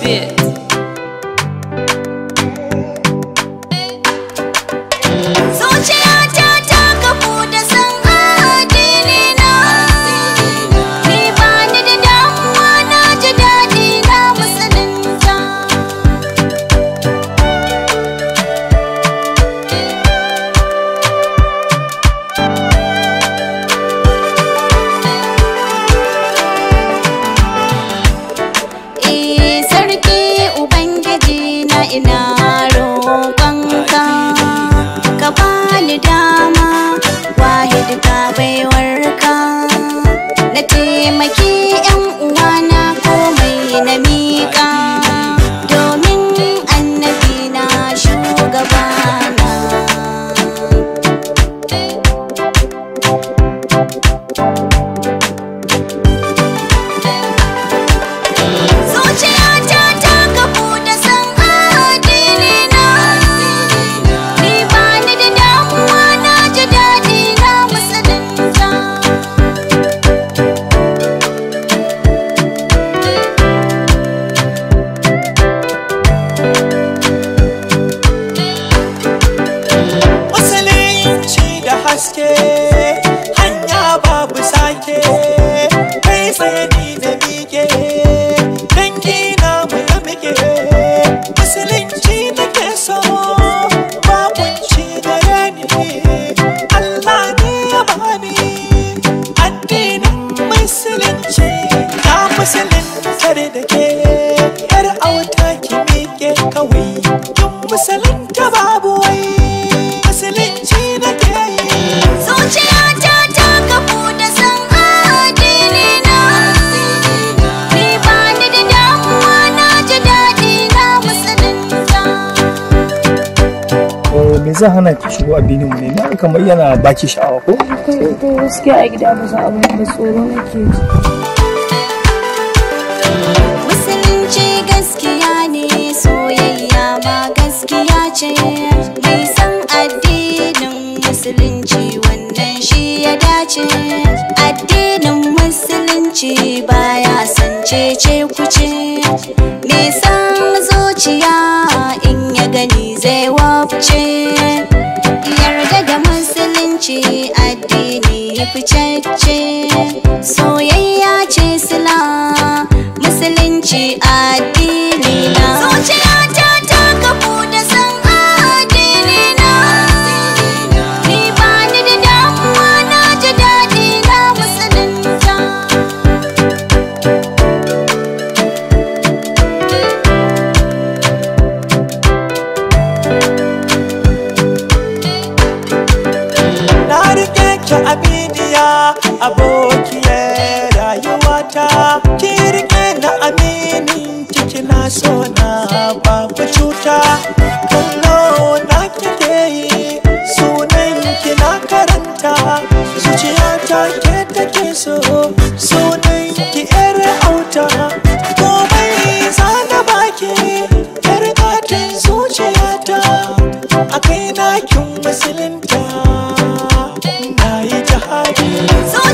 别。ina roƙonka ka bani dama wahid ka baiwarka na taimaki yan hanya babu sake yanzu hana ki shigo addinin mu ne na kamar yana baki sha'awa ko to eh, eh, gaskiya a gida ba za a da tsoro nake ji musulunci gaskiya ne soyayya ma gaskiya ce nisan addinin musulunci wannan shi ya dace addinin musulunci baya sance ce kuce nisan zuciya in ya gani zai wafce. takaitacce soyayya ce sila musulunci a ya abokiyar rayuwata kirke na amini kiki na so na babu cuta kallo na kike yi sunan ki na karanta zuciyata ke take so sunan ki yar auta komai zana baki yar zuciyata a kai na kin musulunta